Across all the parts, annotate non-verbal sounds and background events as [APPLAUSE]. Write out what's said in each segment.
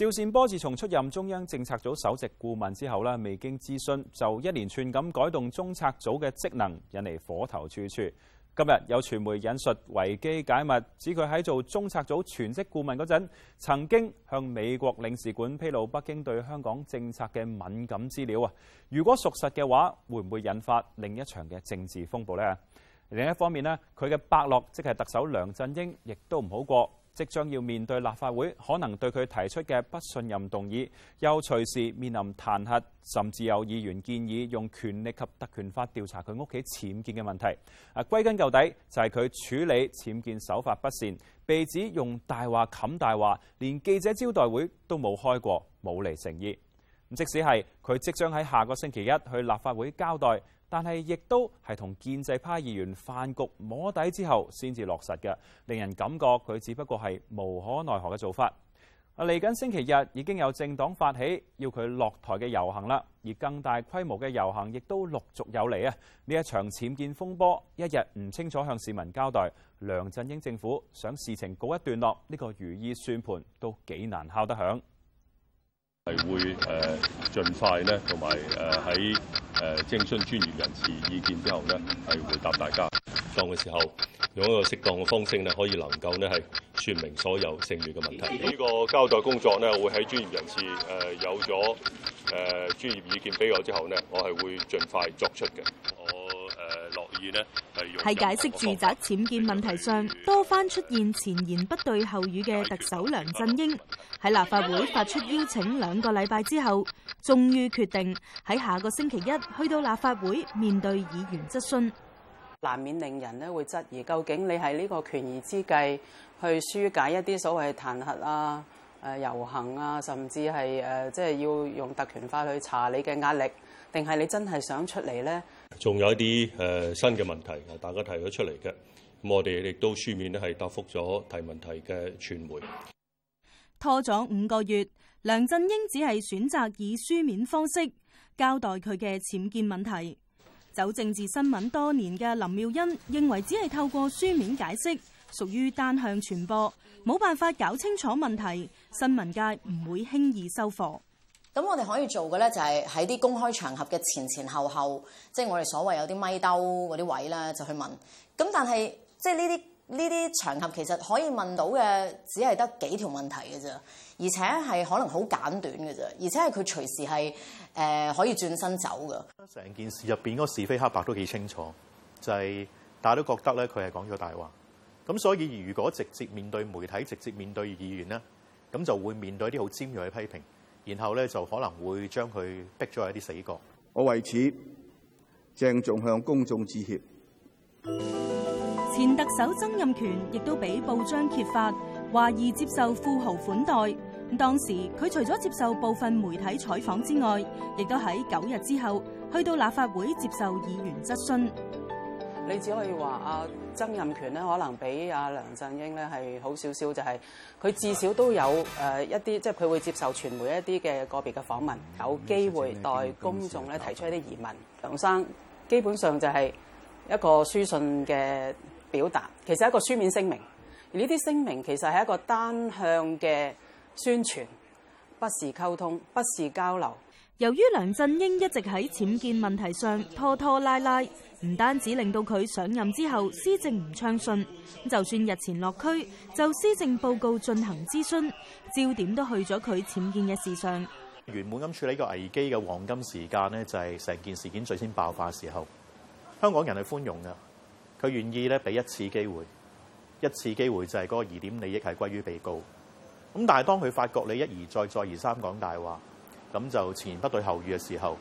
邵善波自從出任中央政策組首席顧問之後呢，未經諮詢就一連串咁改動中策組嘅職能，引嚟火頭處處。今日有傳媒引述維基解密指佢喺做中策組全職顧問嗰陣，曾經向美國領事館披露北京對香港政策嘅敏感資料啊！如果屬實嘅話，會唔會引發另一場嘅政治風暴呢？另一方面呢，佢嘅伯樂即係特首梁振英，亦都唔好過。即將要面對立法會可能對佢提出嘅不信任動議，又隨時面臨彈劾，甚至有議員建議用權力及特權法調查佢屋企僭建嘅問題。啊，歸根究底就係佢處理僭建手法不善，被指用大話冚大話，連記者招待會都冇開過，冇嚟誠意。咁即使係佢即將喺下個星期一去立法會交代。但係亦都係同建制派議員飯局摸底之後先至落實嘅，令人感覺佢只不過係無可奈何嘅做法。啊，嚟緊星期日已經有政黨發起要佢落台嘅遊行啦，而更大規模嘅遊行亦都陸續有嚟啊！呢一場僭建風波，一日唔清楚向市民交代，梁振英政府想事情告一段落，呢個如意算盤都幾難敲得響。係、呃、會盡快咧，同埋誒喺。呃在誒徵詢專業人士意見之後咧，係回答大家。當嘅時候，用一個適當嘅方式咧，可以能夠咧係説明所有性別嘅問題。呢、這個交代工作咧，會喺專業人士誒有咗誒專業意見俾我之後咧，我係會盡快作出嘅。喺解釋住宅僭建問題上，多番出現前言不對後語嘅特首梁振英喺立法會發出邀請兩個禮拜之後，終於決定喺下個星期一去到立法會面對議員質詢，難免令人咧會質疑，究竟你係呢個權宜之計去紓解一啲所謂嘅彈劾啊、誒、呃、遊行啊，甚至係誒、呃、即係要用特權法去查你嘅壓力，定係你真係想出嚟呢？仲有一啲誒、呃、新嘅問題，大家提咗出嚟嘅，咁我哋亦都書面咧係答覆咗提問題嘅傳媒。拖咗五個月，梁振英只係選擇以書面方式交代佢嘅僭建問題。走政治新聞多年嘅林妙恩認為，只係透過書面解釋，屬於單向傳播，冇辦法搞清楚問題，新聞界唔會輕易收貨。咁我哋可以做嘅咧，就係喺啲公開場合嘅前前後後，即係我哋所謂有啲咪兜嗰啲位咧，就去問。咁但係即係呢啲呢啲場合，其實可以問到嘅，只係得幾條問題嘅啫，而且係可能好簡短嘅啫，而且係佢隨時係誒、呃、可以轉身走噶。成件事入邊嗰是非黑白都幾清楚，就係大家都覺得咧，佢係講咗大話咁。所以如果直接面對媒體，直接面對議員咧，咁就會面對啲好尖鋭嘅批評。然後咧，就可能會將佢逼咗去一啲死角。我為此鄭重向公眾致歉。前特首曾蔭權亦都俾報章揭發，懷疑接受富豪款待。當時佢除咗接受部分媒體採訪之外，亦都喺九日之後去到立法會接受議員質詢。你只可以話啊。曾蔭權咧，可能比阿梁振英咧係好少少，就係佢至少都有誒一啲，即係佢會接受傳媒一啲嘅個別嘅訪問，有機會代公眾咧提出一啲疑問。梁生基本上就係一個書信嘅表達，其實係一個書面聲明。而呢啲聲明其實係一個單向嘅宣傳，不是溝通，不是交流。由於梁振英一直喺僭建問題上拖拖拉拉。唔單止令到佢上任之後施政唔暢順，就算日前落區就施政報告進行諮詢，焦點都去咗佢僭建嘅事上。原本咁處理個危機嘅黃金時間咧，就係成件事件最先爆發時候。香港人係寬容噶，佢願意咧俾一次機會，一次機會就係嗰個疑點利益係歸於被告。咁但係當佢發覺你一而再再而三講大話，咁就前言不對後語嘅時候。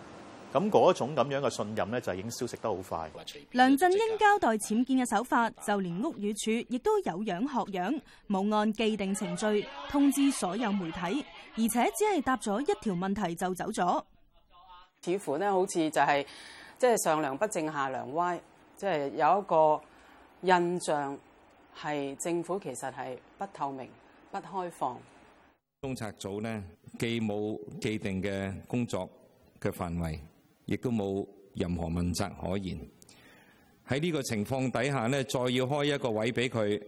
咁嗰種咁樣嘅信任咧，就已經消失得好快。梁振英交代僭建嘅手法，就連屋宇署亦都有樣學樣，冇按既定程序通知所有媒體，而且只係答咗一條問題就走咗。似乎呢、就是，好似就係即係上梁不正下梁歪，即、就、係、是、有一個印象係政府其實係不透明、不開放。中策組呢，既冇既定嘅工作嘅範圍。亦都冇任何問責可言。喺呢個情況底下，呢再要開一個位俾佢，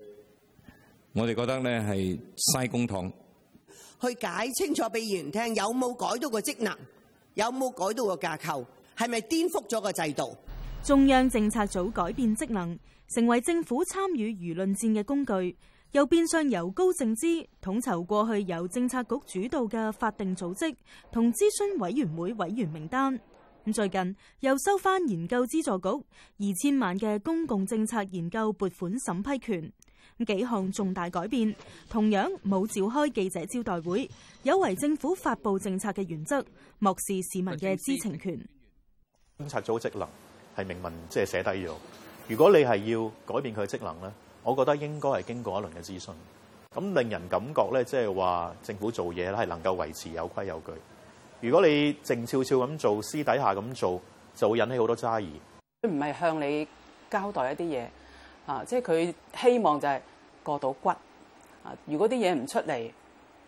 我哋覺得呢係嘥公帑。去解清楚俾議員聽有冇改到個職能，有冇改到個架構，係咪顛覆咗個制度？中央政策組改變職能，成為政府參與輿論戰嘅工具，又變相由高政資統籌過去由政策局主導嘅法定組織同諮詢委員會委員名單。咁最近又收翻研究資助局二千萬嘅公共政策研究撥款審批權，幾項重大改變，同樣冇召開記者招待會，有違政府發布政策嘅原則，漠視市民嘅知情權。中策組職能係明文即係寫低咗，如果你係要改變佢職能咧，我覺得應該係經過一輪嘅諮詢，咁令人感覺咧，即係話政府做嘢咧係能夠維持有規有矩。如果你靜悄悄咁做、私底下咁做，就會引起好多爭議。佢唔係向你交代一啲嘢，啊，即係佢希望就係過到骨。啊，如果啲嘢唔出嚟，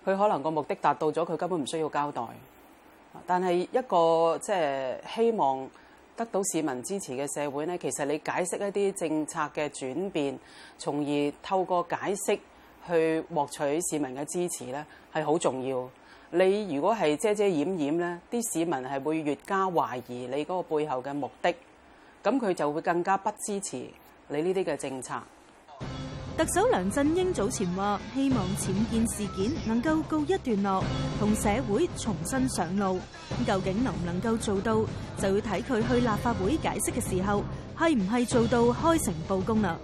佢可能個目的達到咗，佢根本唔需要交代。啊、但係一個即係、就是、希望得到市民支持嘅社會咧，其實你解釋一啲政策嘅轉變，從而透過解釋去獲取市民嘅支持咧，係好重要。你如果係遮遮掩掩咧，啲市民係會越加懷疑你嗰個背後嘅目的，咁佢就會更加不支持你呢啲嘅政策。特首梁振英早前話，希望僭建事件能夠告一段落，同社會重新上路。究竟能唔能夠做到，就要睇佢去立法會解釋嘅時候係唔係做到開誠佈公啦。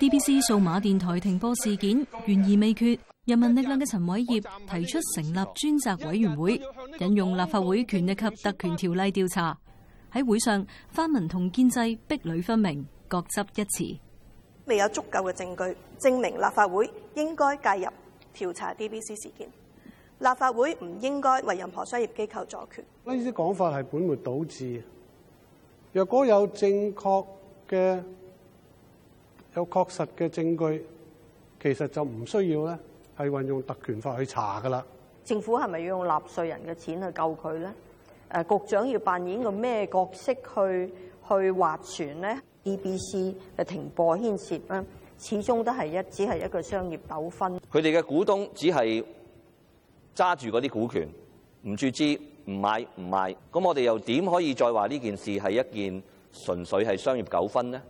DBC 數碼電台停播事件懸而未決，人民力量嘅陳偉業提出成立專責委員會，引用立法會權力及特權條例調查。喺會上，泛民同建制，壁壘分明，各執一詞。未有足夠嘅證據證明立法會應該介入調查 DBC 事件，立法會唔應該為任何商業機構助拳。呢啲講法係，本末倒置。若果有正確嘅。有確實嘅證據，其實就唔需要咧，係運用特權法去查噶啦。政府係咪要用納稅人嘅錢去救佢咧？誒、啊，局長要扮演個咩角色去去斡旋咧？DBC 嘅停播牽涉啦，始終都係一，只係一個商業糾紛。佢哋嘅股東只係揸住嗰啲股權，唔注資，唔買，唔賣。咁我哋又點可以再話呢件事係一件？純粹係商業糾紛呢？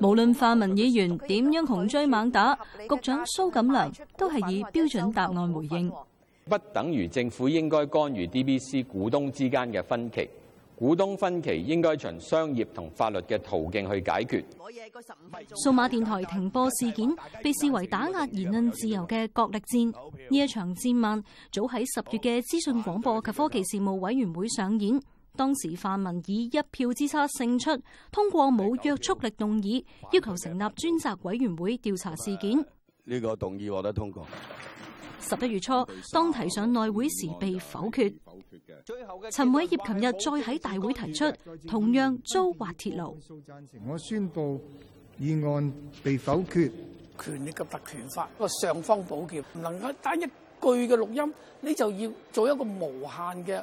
無論泛民議員點樣窮追猛打，局長蘇錦樑都係以標準答案回應。不等於政府應該干預 DBC 股東之間嘅分歧，股東分歧應該循商業同法律嘅途徑去解決。數碼電台停播事件被視為打壓言論自由嘅角力戰。呢一場戰漫早喺十月嘅資訊廣播及科技事務委員會上演。當時泛民以一票之差勝出，通過冇約束力動議，要求成立專責委員會調查事件。呢個動議獲得通過。十一月初，當提上內會時被否決。否決嘅。陳偉業琴日再喺大會提出，同樣遭滑鐵盧。我宣佈議案被否決。權力及特權法，個上方補腳，唔能夠單一句嘅錄音，你就要做一個無限嘅。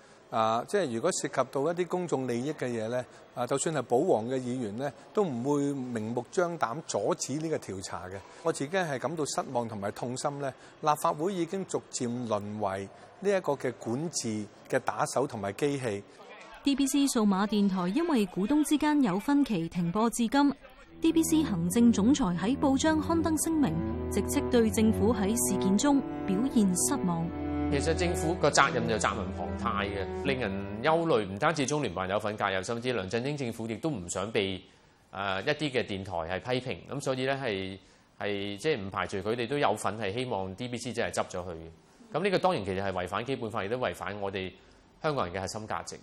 啊！即係如果涉及到一啲公眾利益嘅嘢呢，啊，就算係保皇嘅議員呢，都唔會明目張膽阻止呢個調查嘅。我自己係感到失望同埋痛心呢。立法會已經逐漸淪為呢一個嘅管治嘅打手同埋機器。DBC 數碼電台因為股東之間有分歧停播至今。DBC 行政總裁喺報章刊登聲明，直斥對政府喺事件中表現失望。其實政府個責任就責無旁貸嘅。令人憂慮。唔單止中聯辦有份介入，甚至梁振英政府亦都唔想被誒一啲嘅電台係批評。咁所以咧，係係即係唔排除佢哋都有份，係希望 DBC 即係執咗佢嘅。咁呢個當然其實係違反基本法，亦都違反我哋香港人嘅核心價值。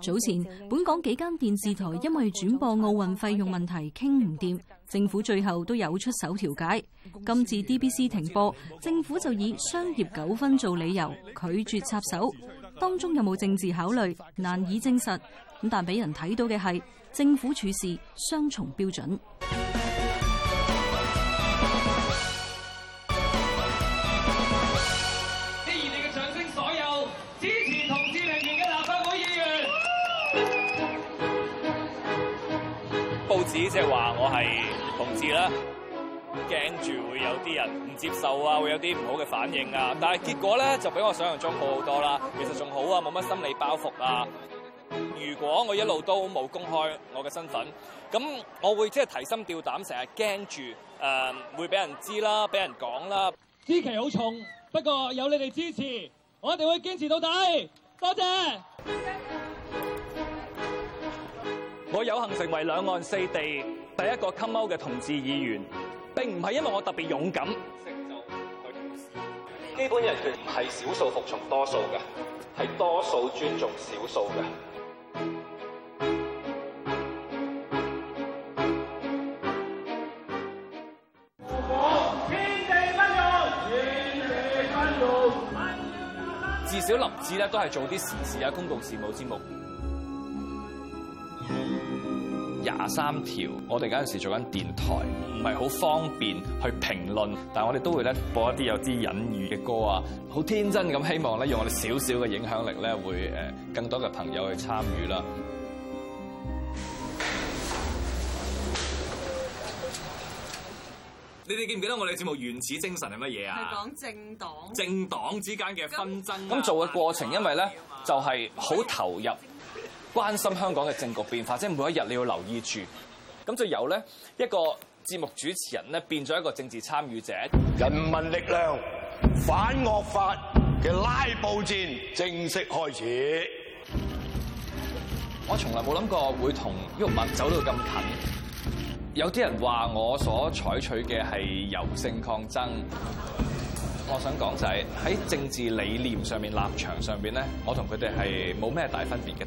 早前，本港幾間電視台因為轉播奧運費用問題傾唔掂，政府最後都有出手調解。今次 DBC 停播，政府就以商業糾紛做理由拒絕插手。當中有冇政治考慮難以證實，咁但俾人睇到嘅係政府處事雙重標準。即係話我係同志啦，驚住會有啲人唔接受啊，會有啲唔好嘅反應啊。但係結果咧就比我想像中好好多啦。其實仲好啊，冇乜心理包袱啊。如果我一路都冇公開我嘅身份，咁我會即係提心吊膽，成日驚住誒會俾人知啦，俾人講啦。支旗好重，不過有你哋支持，我一定會堅持到底。多謝。我有幸成為兩岸四地第一個 come out 嘅同志議員，並唔係因為我特別勇敢。基本人權唔係少數服從多數嘅，係多數尊重少數嘅。至少林志咧都係做啲時事啊、公共事務節目。廿三條，我哋嗰陣時做緊電台，唔係好方便去評論，但係我哋都會咧播一啲有啲隱喻嘅歌啊，好天真咁希望咧，用我哋少少嘅影響力咧，會誒更多嘅朋友去參與啦。你哋記唔記得我哋嘅節目《原始精神》係乜嘢啊？係講政黨。政黨之間嘅紛爭。咁做嘅過程，因為咧就係、是、好投入。關心香港嘅政局變化，即係每一日你要留意住。咁就由咧一個節目主持人咧變咗一個政治參與者。人民力量反惡法嘅拉布戰正式開始。我從來冇諗過會同毓民走到咁近。有啲人話我所採取嘅係柔性抗爭，我想講就係、是、喺政治理念上面、立場上面咧，我同佢哋係冇咩大分別嘅。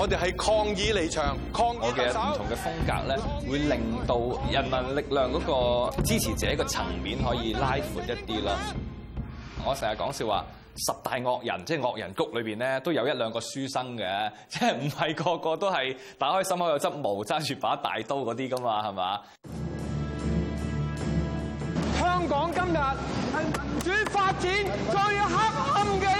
我哋係抗議離場，抗議嘅唔同嘅風格咧，會令到人民力量個支持者個層面可以拉闊一啲啦、嗯。我成日講笑話十大惡人即係惡人谷裏邊咧，都有一兩個書生嘅，即係唔係個個都係打開心口有執毛揸住把大刀啲噶嘛，係嘛？香港今日係民主發展最黑暗嘅。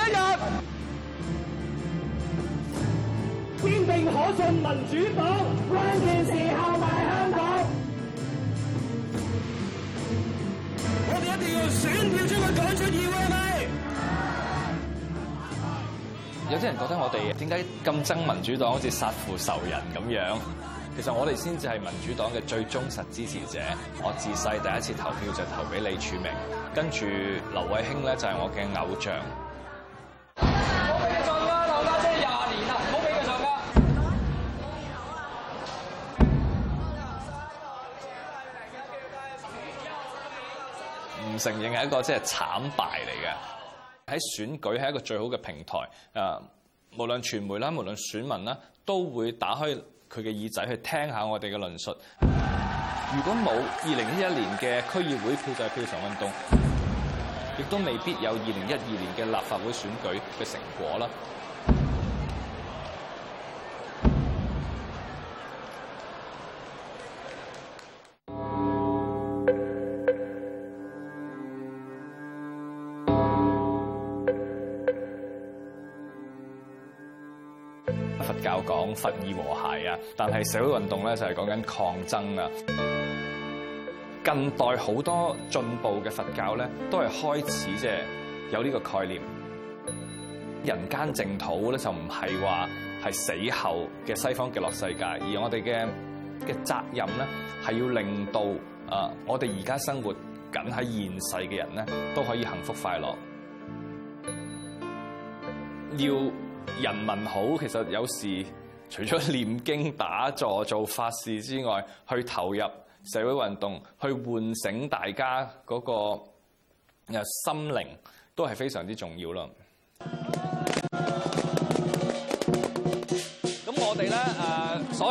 堅定可信民主黨，關鍵時候賣香港。我哋一定要選票將佢趕出議會。係有啲人覺得我哋點解咁憎民主黨，好似殺父仇人咁樣？其實我哋先至係民主黨嘅最忠實支持者。我自細第一次投票就投俾李柱銘，跟住劉慧卿咧就係我嘅偶像。承認係一個即係慘敗嚟嘅，喺選舉係一個最好嘅平台。誒，無論傳媒啦，無論選民啦，都會打開佢嘅耳仔去聽下我哋嘅論述。 [NOISE] 如果冇二零一一年嘅區議會票債票償運動，亦都未必有二零一二年嘅立法會選舉嘅成果啦。佛意和諧啊，但係社會運動咧就係講緊抗爭啊。近代好多進步嘅佛教咧，都係開始即係有呢個概念，人間淨土咧就唔係話係死後嘅西方極樂世界，而我哋嘅嘅責任咧係要令到啊我哋而家生活緊喺現世嘅人咧都可以幸福快樂，要人民好，其實有時。除咗念經打坐做法事之外，去投入社會運動，去喚醒大家嗰個誒心靈，都係非常之重要咯。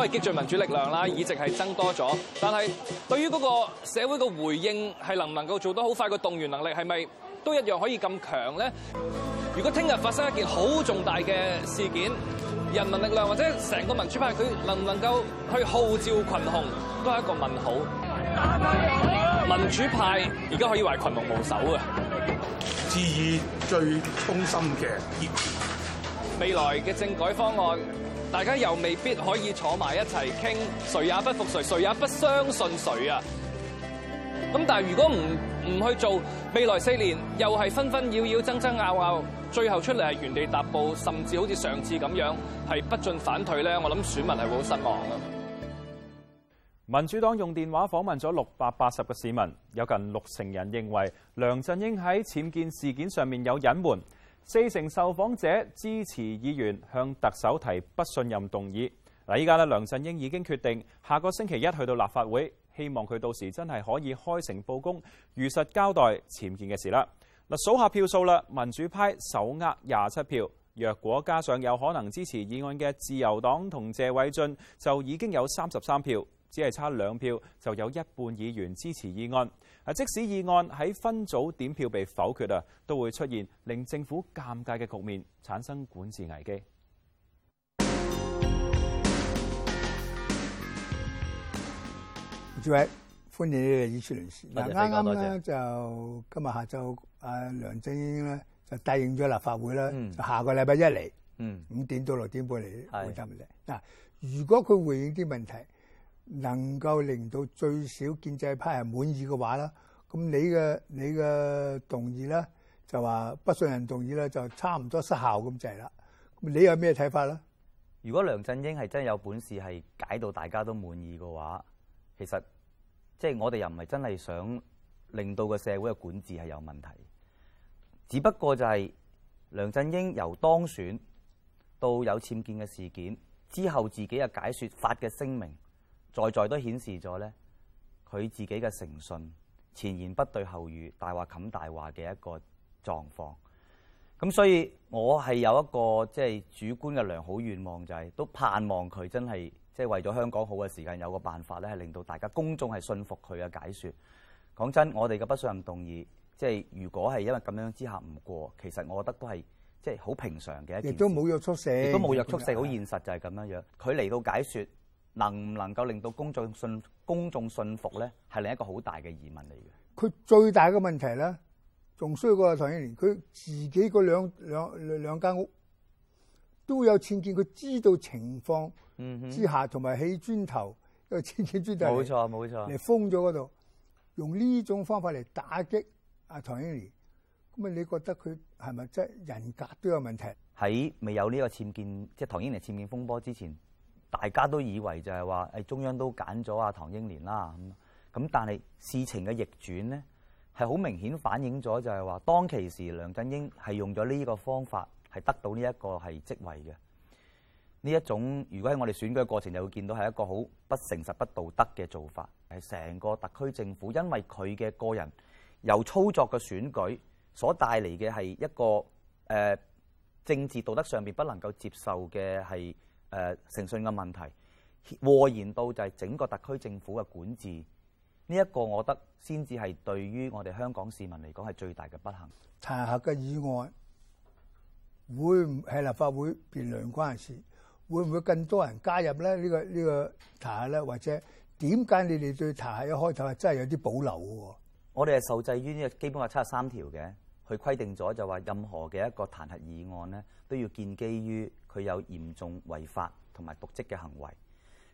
因為激進民主力量啦，議席係增多咗，但係對於嗰個社會嘅回應係能唔能夠做到好快嘅動員能力，係咪都一樣可以咁強咧？如果聽日發生一件好重大嘅事件，人民力量或者成個民主派，佢能唔能夠去號召群雄，都係一個問號。民主派而家可以話群龍無首啊，至於最中心嘅，未來嘅政改方案。大家又未必可以坐埋一齊傾，誰也不服誰，誰也不相信誰啊！咁但係如果唔唔去做，未來四年又係紛紛擾擾爭爭拗拗，最後出嚟係原地踏步，甚至好似上次咁樣，係不進反退咧，我諗選民係會好失望。民主黨用電話訪問咗六百八十個市民，有近六成人認為梁振英喺僭建事件上面有隱瞞。四成受訪者支持議員向特首提不信任動議。嗱，依家梁振英已經決定下個星期一去到立法會，希望佢到時真係可以開誠佈公，如實交代僭建嘅事啦。嗱，數下票數啦，民主派手握廿七票，若果加上有可能支持議案嘅自由黨同謝偉俊，就已經有三十三票。只係差兩票就有一半議員支持議案。啊，即使議案喺分組點票被否決啊，都會出現令政府尷尬嘅局面，產生管治危機。主委歡迎你哋，議事論事啱啱咧就今日下晝啊，梁振英咧就答應咗立法會咧、嗯，就下個禮拜一嚟、嗯，五點到六點半嚟回答問題。嗱，如果佢回應啲問題，能夠令到最少建制派人滿意嘅話啦，咁你嘅你嘅動議咧，就話不信任動議咧，就差唔多失效咁就係啦。咁你有咩睇法咧？如果梁振英係真係有本事係解到大家都滿意嘅話，其實即係、就是、我哋又唔係真係想令到個社會嘅管治係有問題，只不過就係梁振英由當選到有僭建嘅事件之後，自己嘅解説法嘅聲明。在在都顯示咗咧，佢自己嘅誠信，前言不對後語，大話冚大話嘅一個狀況，咁所以，我係有一個即係主觀嘅良好願望，就係、是、都盼望佢真係即係為咗香港好嘅時間有個辦法咧，係令到大家公眾係信服佢嘅解説，講真，我哋嘅不信任動議，即、就、係、是、如果係因為咁樣之下唔過，其實我覺得都係即係好平常嘅一，亦都冇約束性，亦都冇約束性，好現實就係咁樣樣，佢嚟到解説。能唔能夠令到公眾信公眾信服咧，係另一個好大嘅疑問嚟嘅。佢最大嘅問題咧，仲衰過唐英年，佢自己嗰兩兩兩間屋都有僭建，佢知道情況之下，同、嗯、埋起磚頭一個僭建磚頭，冇錯冇錯，嚟、嗯、封咗嗰度，用呢種方法嚟打擊阿、啊、唐英年。咁啊，你覺得佢係咪即係人格都有問題？喺未有呢個僭建，即、就、係、是、唐英年僭建風波之前。大家都以為就係話，誒中央都揀咗阿唐英年啦，咁、咁，但係事情嘅逆轉咧係好明顯反映咗，就係話，當其時梁振英係用咗呢個方法係得到呢一個係職位嘅呢一種。如果喺我哋選舉嘅過程，就會見到係一個好不誠實、不道德嘅做法，係成個特區政府因為佢嘅個人由操作嘅選舉所帶嚟嘅係一個誒、呃、政治道德上面不能夠接受嘅係。誒誠信嘅問題，禍延到就係整個特區政府嘅管治，呢、這、一個我覺得先至係對於我哋香港市民嚟講係最大嘅不幸。查核嘅意外，會唔係立法會變兩關事？會唔會更多人加入咧？這個這個、呢個呢個查核咧，或者點解你哋對查核一開頭係真係有啲保留嘅？我哋係受制於呢個基本法七十三條嘅。佢規定咗就話任何嘅一個彈劾議案咧，都要建基於佢有嚴重違法同埋瀆職嘅行為。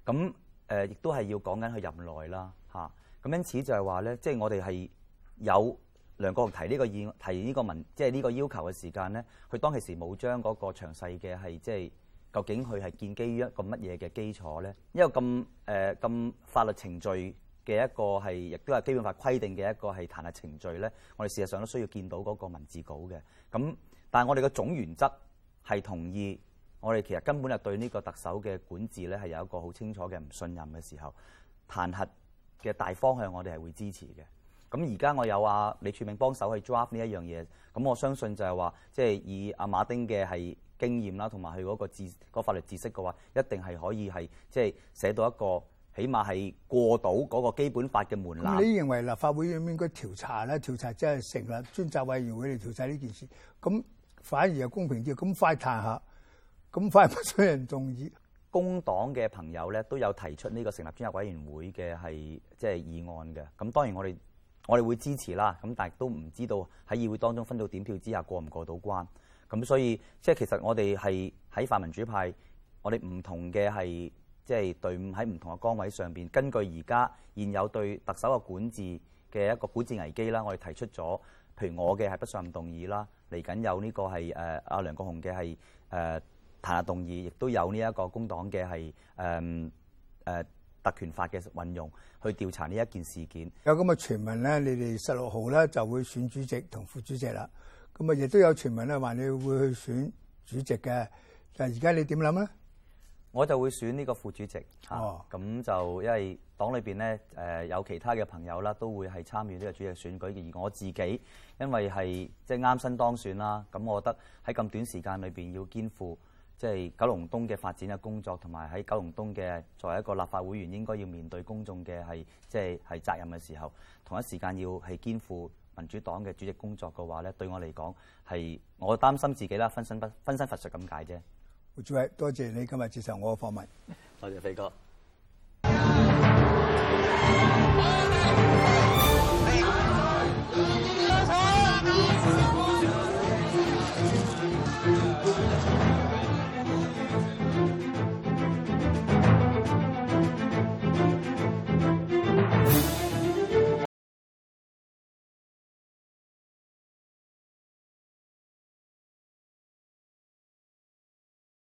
咁誒亦都係要講緊佢任內啦，嚇、啊。咁因此就係話咧，即係我哋係有梁國雄提呢個議，提呢個文，即係呢個要求嘅時間咧，佢當其時冇將嗰個詳細嘅係即係究竟佢係建基於一個乜嘢嘅基礎咧，因為咁誒咁法律程序。嘅一個係亦都係基本法規定嘅一個係彈劾程序咧。我哋事實上都需要見到嗰個文字稿嘅。咁，但係我哋嘅總原則係同意，我哋其實根本係對呢個特首嘅管治咧係有一個好清楚嘅唔信任嘅時候，彈劾嘅大方向我哋係會支持嘅。咁而家我有阿李柱銘幫手去 draft 呢一樣嘢，咁我相信就係話即係以阿馬丁嘅係經驗啦，同埋佢嗰個知個法律知識嘅話一定係可以係即係寫到一個。起碼係過到嗰個基本法嘅門檻。你認為立法會應唔應該調查咧？調查即係成立專責委員會嚟調查呢件事，咁反而又公平啲。咁快彈下，咁快不取人眾意。工黨嘅朋友咧都有提出呢個成立專責委員會嘅係即係議案嘅。咁當然我哋我哋會支持啦。咁但係都唔知道喺議會當中分到點票之下過唔過到關。咁所以即係其實我哋係喺泛民主派，我哋唔同嘅係。即係隊伍喺唔同嘅崗位上邊，根據而家現有對特首嘅管治嘅一個管治危機啦，我哋提出咗，譬如我嘅係不信任動議啦，嚟緊有呢個係誒阿梁國雄嘅係誒彈劾動議，亦都有呢一個工黨嘅係誒誒特權法嘅運用去調查呢一件事件。有咁嘅傳聞咧，你哋十六號咧就會選主席同副主席啦。咁啊，亦都有傳聞咧話你會去選主席嘅。但係而家你點諗咧？我就會選呢個副主席嚇，咁，哦啊、就因為黨裏邊咧誒，有其他嘅朋友啦，都會係參與呢個主席選舉，而我自己因為係即係啱新當選啦，咁我覺得喺咁短時間裏邊要肩負即係九龍東嘅發展嘅工作，同埋喺九龍東嘅作為一個立法會員應該要面對公眾嘅係即係係責任嘅時候，同一時間要係肩負民主黨嘅主席工作嘅話咧，對我嚟講，係我擔心自己啦，分身不分身乏術咁解啫。志偉，多謝你今日接受我嘅訪問，多謝飛哥。 [MUSIC]